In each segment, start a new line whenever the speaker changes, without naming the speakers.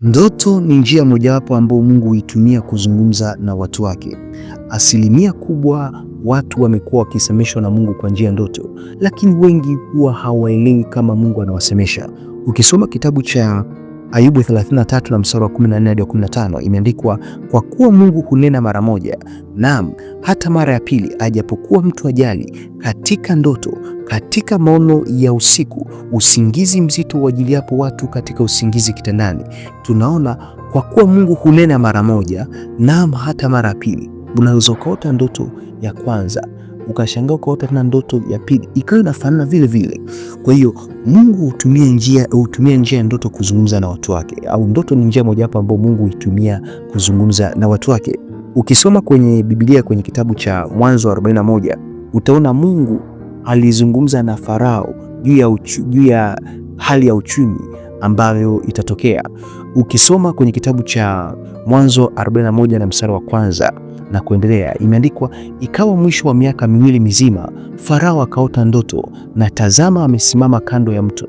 Ndoto ni njia mojawapo ambayo Mungu huitumia kuzungumza na watu wake. Asilimia kubwa watu wamekuwa wakisemeshwa na Mungu kwa njia ya ndoto, lakini wengi huwa hawaelewi kama Mungu anawasemesha. Ukisoma kitabu cha Ayubu 33 na mstari wa 14 hadi 15, imeandikwa kwa kuwa Mungu hunena mara moja, naam hata mara ya pili, ajapokuwa mtu ajali, katika ndoto, katika maono ya usiku, usingizi mzito yapo watu katika usingizi kitandani. Tunaona kwa kuwa Mungu hunena mara moja, naam hata mara ya pili. Unaweza ukaota ndoto ya kwanza ukashangaa ukaota tena ndoto ya pili ikawa inafanana vile vile. Kwa hiyo Mungu hutumia njia hutumia njia ya ndoto kuzungumza na watu wake, au ndoto ni njia mojawapo ambayo Mungu huitumia kuzungumza na watu wake. Ukisoma kwenye Biblia kwenye kitabu cha Mwanzo 41 utaona Mungu alizungumza na Farao juu ya juu ya hali ya uchumi ambayo itatokea. Ukisoma kwenye kitabu cha Mwanzo 41 na mstari wa kwanza na kuendelea. Imeandikwa, ikawa mwisho wa miaka miwili mizima, Farao akaota ndoto, na tazama, amesimama kando ya mto,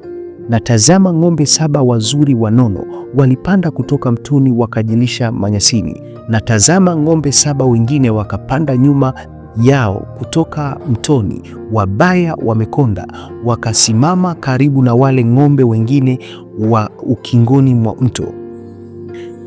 na tazama, ng'ombe saba wazuri wanono walipanda kutoka mtoni wakajilisha manyasini, na tazama, ng'ombe saba wengine wakapanda nyuma yao kutoka mtoni, wabaya wamekonda, wakasimama karibu na wale ng'ombe wengine wa ukingoni mwa mto.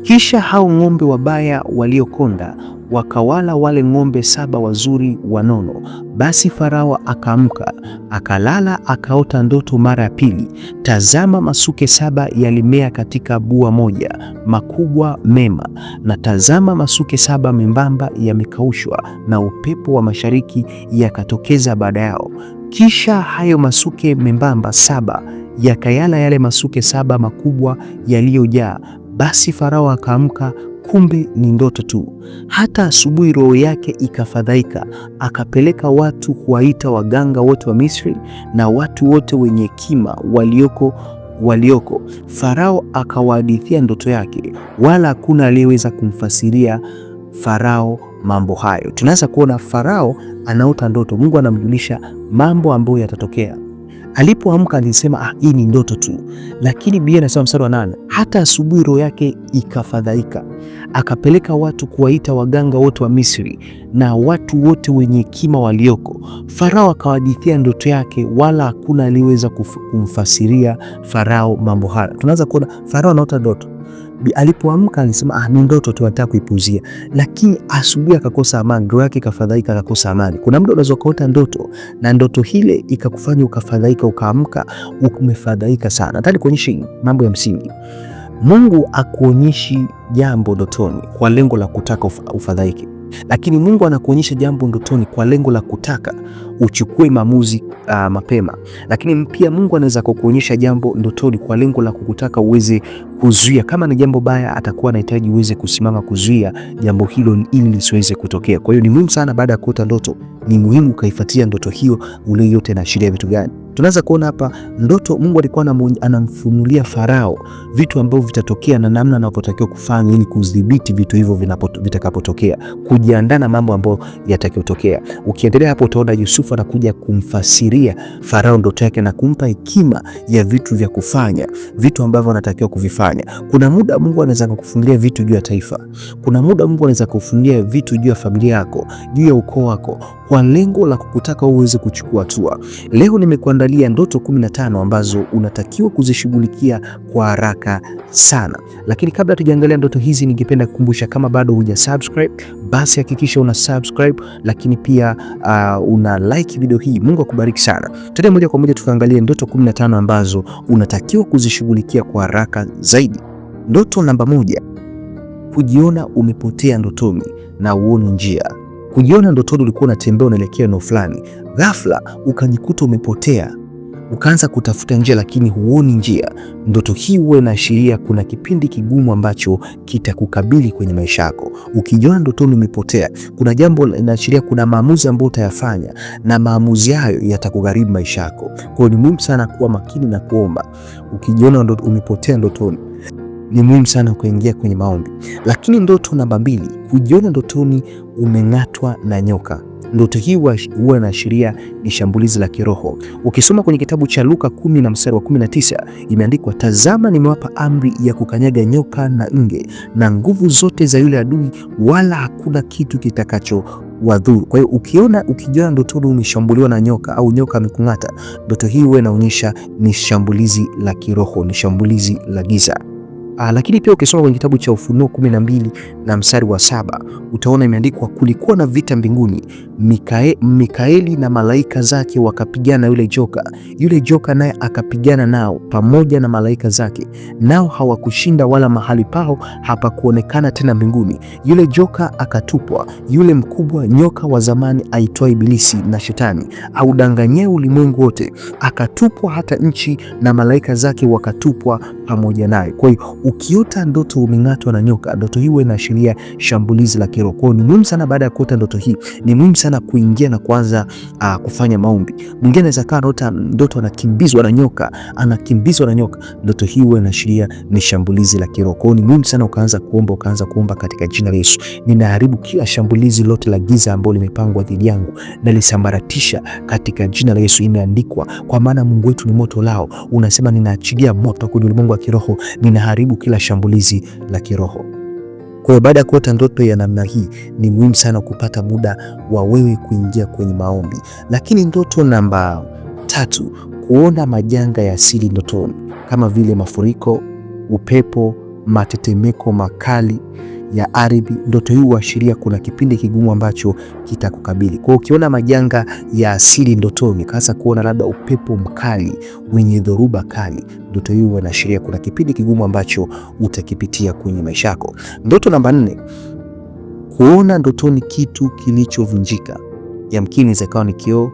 Kisha hao ng'ombe wabaya waliokonda wakawala wale ng'ombe saba wazuri wanono. Basi Farao akaamka, akalala, akaota ndoto mara ya pili. Tazama, masuke saba yalimea katika bua moja, makubwa mema, na tazama, masuke saba membamba yamekaushwa, na upepo wa mashariki yakatokeza baada yao. Kisha hayo masuke membamba saba yakayala yale masuke saba makubwa yaliyojaa. Basi Farao akaamka kumbe ni ndoto tu. Hata asubuhi roho yake ikafadhaika, akapeleka watu kuwaita waganga wote wa Misri na watu wote wenye hekima walioko walioko. Farao akawahadithia ndoto yake, wala hakuna aliyeweza kumfasiria Farao mambo hayo. Tunaweza kuona Farao anaota ndoto, Mungu anamjulisha mambo ambayo yatatokea. Alipoamka alisema ah, hii ni ndoto tu, lakini Biblia inasema mstari wa nane, hata asubuhi roho yake ikafadhaika, akapeleka watu kuwaita waganga wote wa Misri na watu wote wenye hekima walioko. Farao akawadithia ndoto yake, wala hakuna aliyeweza kumfasiria Farao mambo haya. Tunaanza kuona Farao anaota ndoto Alipoamka alisema ah, ni ndoto tu, nataka kuipuzia, lakini asubuhi akakosa amani, roho yake ikafadhaika, akakosa amani. Kuna muda unaweza kuota ndoto na ndoto hile ikakufanya ukafadhaika, ukaamka umefadhaika sana. Nataka nikuonyeshe mambo ya msingi. Mungu akuonyeshi jambo ndotoni kwa lengo la kutaka ufadhaike lakini Mungu anakuonyesha jambo ndotoni kwa lengo la kutaka uchukue maamuzi uh, mapema. Lakini pia Mungu anaweza kukuonyesha jambo ndotoni kwa lengo la kukutaka uweze kuzuia. Kama ni jambo baya, atakuwa anahitaji uweze kusimama kuzuia jambo hilo ili lisiweze kutokea. Kwa hiyo ni muhimu sana, baada ya kuota ndoto, ni muhimu ukaifuatia ndoto hiyo ulioyote na sheria vitu gani Tunaweza kuona hapa ndoto, Mungu alikuwa anamfunulia Farao vitu ambavyo vitatokea na namna anavyotakiwa kufanya ili kudhibiti vitu hivyo vitakapotokea, kujiandaa na mambo ambayo yatakayotokea. Ukiendelea hapo, utaona Yusufu anakuja kumfasiria Farao ndoto yake na kumpa hekima ya vitu vya kufanya, vitu ambavyo anatakiwa kuvifanya. Kuna muda Mungu anaweza kukufunulia vitu juu ya taifa, kuna muda Mungu anaweza kukufunulia vitu juu ya familia yako, juu ya ukoo wako, kwa lengo la kukutaka uweze kuchukua hatua. Leo nimekuwa anakuandalia ndoto 15 ambazo unatakiwa kuzishughulikia kwa haraka sana. Lakini kabla tujaangalia ndoto hizi, ningependa kukumbusha kama bado huja subscribe, basi hakikisha una subscribe, lakini pia uh, una like video hii. Mungu akubariki sana. Tuende moja kwa moja tukaangalie ndoto 15 ambazo unatakiwa kuzishughulikia kwa haraka zaidi. Ndoto namba moja: kujiona umepotea ndotoni na uone njia kujiona ndotoni ulikuwa unatembea unaelekea eneo fulani, ghafla ukajikuta umepotea, ukaanza kutafuta njia lakini huoni njia. Ndoto hii huwa inaashiria kuna kipindi kigumu ambacho kitakukabili kwenye maisha yako. Ukijiona ndotoni umepotea, kuna jambo linaashiria kuna maamuzi ambayo utayafanya na maamuzi hayo yatakugharibu maisha yako. Kwa hiyo ni muhimu sana kuwa makini na kuomba ukijiona umepotea ndotoni ni muhimu sana kuingia kwenye maombi. Lakini ndoto namba mbili, kujiona ndotoni umeng'atwa na nyoka. Ndoto hii huwa inaashiria ni shambulizi la kiroho. Ukisoma kwenye kitabu cha Luka kumi na mstari wa tisa imeandikwa tazama, nimewapa amri ya kukanyaga nyoka na nge na nguvu zote za yule adui, wala hakuna kitu kitakacho wadhuru. Kwa hiyo ukiona ukijiona ndotoni umeshambuliwa na nyoka au nyoka amekung'ata, ndoto hii huwa inaonyesha ni shambulizi la kiroho, ni shambulizi la giza. Aa, ah, lakini pia ukisoma kwenye kitabu cha Ufunuo 12 na mstari wa saba utaona imeandikwa kulikuwa na vita mbinguni, Mikae, Mikaeli na malaika zake wakapigana yule joka. Yule joka naye akapigana nao pamoja na malaika zake, nao hawakushinda, wala mahali pao hapakuonekana tena mbinguni. Yule joka akatupwa, yule mkubwa nyoka wa zamani aitwa Ibilisi na Shetani, audanganyie ulimwengu wote, akatupwa hata nchi, na malaika zake wakatupwa pamoja naye. Kwa hiyo ukiota ndoto umeng'atwa na nyoka, ndoto hii inaashiria shambulizi la kiroho. Ni muhimu sana, baada ya kuota ndoto hii ni muhimu sana kuingia na kuanza uh, kufanya maombi. Mwingine anaweza kaa anaota ndoto anakimbizwa na nyoka, anakimbizwa na nyoka. Ndoto hii huwa inaashiria ni shambulizi la kiroho. Kwa hiyo ni muhimu sana ukaanza kuomba, ukaanza kuomba katika jina la Yesu, ninaharibu kila shambulizi lote la giza ambalo limepangwa dhidi yangu, nalisambaratisha katika jina la Yesu. Imeandikwa, kwa maana Mungu wetu ni moto lao, unasema ninaachilia moto kwenye ulimwengu wa kiroho, ninaharibu kila shambulizi la kiroho. Kwa hiyo baada ya kuota ndoto ya namna hii, ni muhimu sana kupata muda wa wewe kuingia kwenye maombi. Lakini ndoto namba tatu, kuona majanga ya asili ndotoni kama vile mafuriko, upepo, matetemeko makali ya ardhi. Ndoto hii huashiria kuna kipindi kigumu ambacho kitakukabili. Kwa ukiona majanga ya asili ndotoni, hasa kuona labda upepo mkali wenye dhoruba kali, ndoto hii inaashiria kuna kipindi kigumu ambacho utakipitia kwenye maisha yako. Ndoto namba nne, kuona ndotoni kitu kilichovunjika. Yamkini zakawa ni kioo,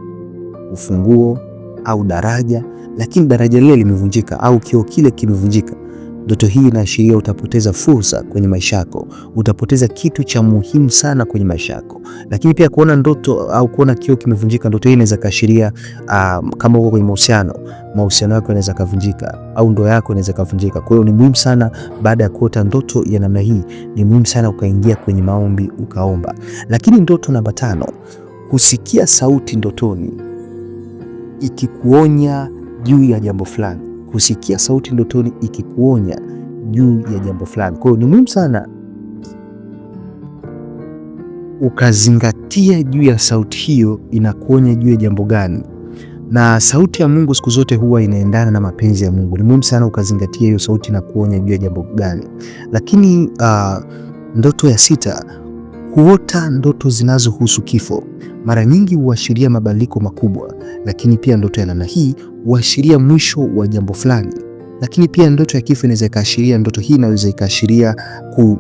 ufunguo au daraja, lakini daraja lile limevunjika au kioo kile kimevunjika Ndoto hii inaashiria utapoteza fursa kwenye maisha yako, utapoteza kitu cha muhimu sana kwenye maisha yako. Lakini pia kuona ndoto au kuona kio kimevunjika, ndoto hii inaweza kaashiria uh, um, kama uko kwenye mahusiano, mahusiano yako yanaweza kavunjika au ndoa yako inaweza kavunjika. Kwa hiyo ni muhimu sana, baada ya kuota ndoto ya namna hii, ni muhimu sana ukaingia kwenye maombi ukaomba. Lakini ndoto namba tano, kusikia sauti ndotoni ikikuonya juu ya jambo fulani kusikia sauti ndotoni ikikuonya juu ya jambo fulani. Kwa hiyo ni muhimu sana ukazingatia juu ya sauti hiyo inakuonya juu ya jambo gani, na sauti ya Mungu siku zote huwa inaendana na mapenzi ya Mungu. Ni muhimu sana ukazingatia hiyo sauti inakuonya juu ya jambo gani. Lakini uh, ndoto ya sita huota ndoto zinazohusu kifo. Mara nyingi huashiria mabadiliko makubwa, lakini pia ndoto ya namna hii huashiria mwisho wa jambo fulani. Lakini pia ndoto ya kifo inaweza ikaashiria, ndoto hii inaweza ikaashiria ku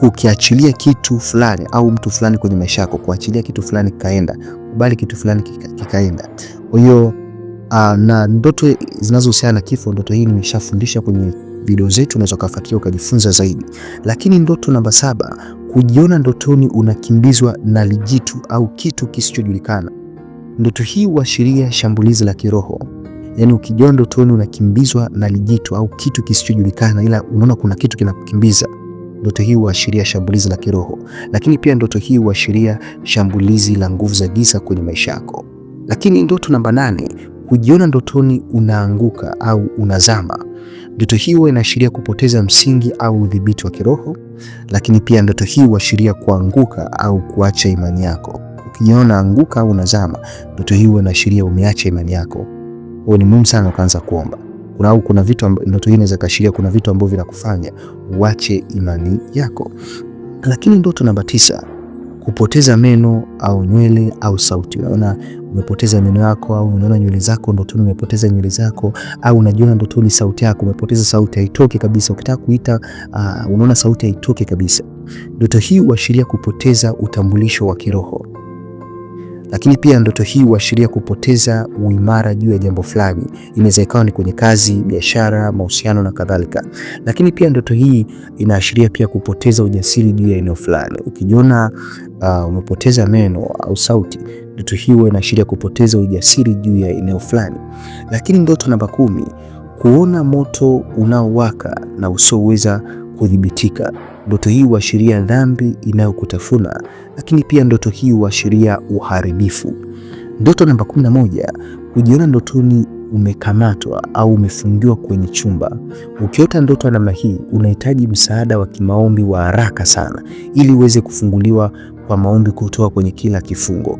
kukiachilia kitu fulani au mtu fulani kwenye maisha yako, kuachilia kitu fulani kikaenda, kubali kitu fulani kikaenda. Kwa hiyo uh, na ndoto zinazohusiana na kifo, ndoto hii nimeshafundisha kwenye video zetu, unaweza kufuatilia ukajifunza zaidi. Lakini ndoto namba saba Kujiona ndotoni unakimbizwa na lijitu au kitu kisichojulikana. Ndoto hii huashiria shambulizi la kiroho, yaani ukijiona ndotoni unakimbizwa na lijitu au kitu kisichojulikana, ila unaona kuna kitu kinakukimbiza, ndoto hii huashiria shambulizi la kiroho. Lakini pia ndoto hii huashiria shambulizi la nguvu za giza kwenye maisha yako. Lakini ndoto namba nane hujiona ndotoni unaanguka au unazama. Ndoto hiyo inaashiria kupoteza msingi au udhibiti wa kiroho, lakini pia ndoto hii huashiria kuanguka au kuacha imani yako. Ukijiona anguka au unazama, ndoto hii inaashiria umeacha imani yako. Ni muhimu sana ukaanza kuomba au kuna vitu, ndoto hii inaweza kuna vitu ambavyo vinakufanya uache imani yako. Lakini ndoto namba tisa, kupoteza meno au nywele au sauti. Unaona umepoteza meno yako, au unaona nywele zako ndotoni, umepoteza nywele zako, au unajiona ndotoni sauti yako, umepoteza sauti, haitoki kabisa. Ukitaka kuita, uh, unaona sauti haitoki kabisa. Ndoto hii huashiria kupoteza utambulisho wa kiroho. Lakini pia ndoto hii huashiria kupoteza uimara juu ya jambo fulani. Inaweza ikawa ni kwenye kazi, biashara, mahusiano na kadhalika. Lakini pia ndoto hii inaashiria pia kupoteza ujasiri juu ya eneo fulani. Ukijiona uh, umepoteza meno au sauti, ndoto hii inaashiria kupoteza ujasiri juu ya eneo fulani. Lakini ndoto namba kumi, kuona moto unaowaka na usioweza kudhibitika. Ndoto hii huashiria dhambi inayokutafuna, lakini pia ndoto hii huashiria uharibifu. Ndoto namba 11, hujiona ndotoni umekamatwa au umefungiwa kwenye chumba. Ukiota ndoto ya namna hii, unahitaji msaada wa kimaombi wa haraka sana, ili uweze kufunguliwa kwa maombi kutoka kwenye kila kifungo.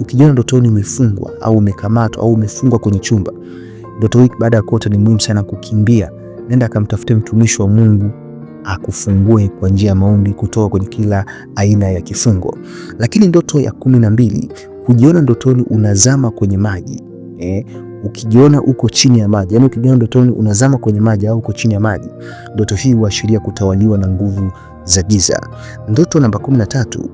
Ukijiona ndotoni umefungwa au umekamatwa au umefungwa kwenye chumba, ndoto hii baada ya kuota, ni muhimu sana kukimbia, nenda akamtafute mtumishi wa Mungu akufungue kwa njia ya maombi kutoka kwenye kila aina ya kifungo. Lakini ndoto ya kumi na mbili, kujiona ndotoni unazama kwenye maji eh, ukijiona uko chini ya maji, yani ukijiona ndotoni unazama kwenye maji au uko chini ya maji, ndoto hii huashiria kutawaliwa na nguvu za giza. Ndoto namba tatu,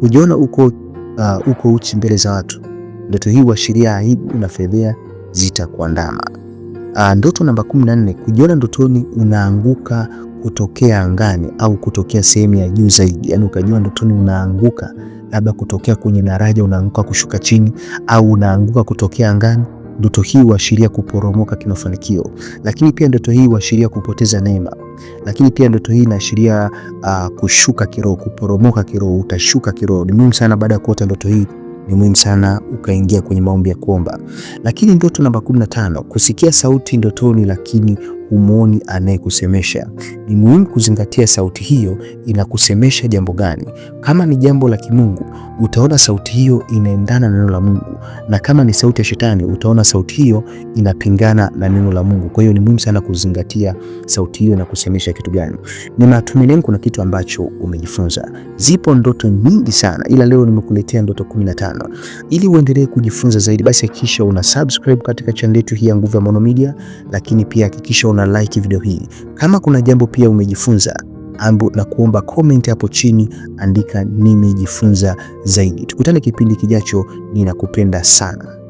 kujiona uko, uh, uko uchi mbele za watu, ndoto hii huashiria aibu na fedhea zitakuandama. Uh, ndoto namba 14, kujiona ndotoni unaanguka kutokea angani au kutokea sehemu ya juu zaidi, yani ukajua ndotoni unaanguka labda kutokea kwenye daraja, unaanguka kushuka chini au unaanguka kutokea angani. Ndoto hii huashiria kuporomoka kimafanikio, lakini pia ndoto hii huashiria kupoteza neema, lakini pia ndoto hii inaashiria uh, kushuka kiroho, kuporomoka kiroho, utashuka kiroho. Ni muhimu sana baada ya kuota ndoto hii ni muhimu sana ukaingia kwenye maombi ya kuomba. Lakini ndoto namba 15, kusikia sauti ndotoni lakini humwoni anayekusemesha. Ni muhimu kuzingatia sauti hiyo inakusemesha jambo gani. Kama ni jambo la kimungu, utaona sauti hiyo inaendana na neno la Mungu, na kama ni sauti ya shetani, utaona sauti hiyo inapingana na neno la Mungu. Kwa hiyo ni muhimu sana kuzingatia sauti hiyo inakusemesha kitu gani. Ni matumaini yangu kuna kitu ambacho umejifunza. Zipo ndoto nyingi sana, ila leo nimekuletea ndoto 15. Ili uendelee kujifunza zaidi, basi hakikisha una subscribe katika channel yetu hii ya Nguvu ya Maono Media, lakini pia hakikisha una like video hii. Kama kuna jambo pia umejifunza ambu na kuomba comment hapo chini, andika nimejifunza zaidi. Tukutane kipindi kijacho, ninakupenda sana.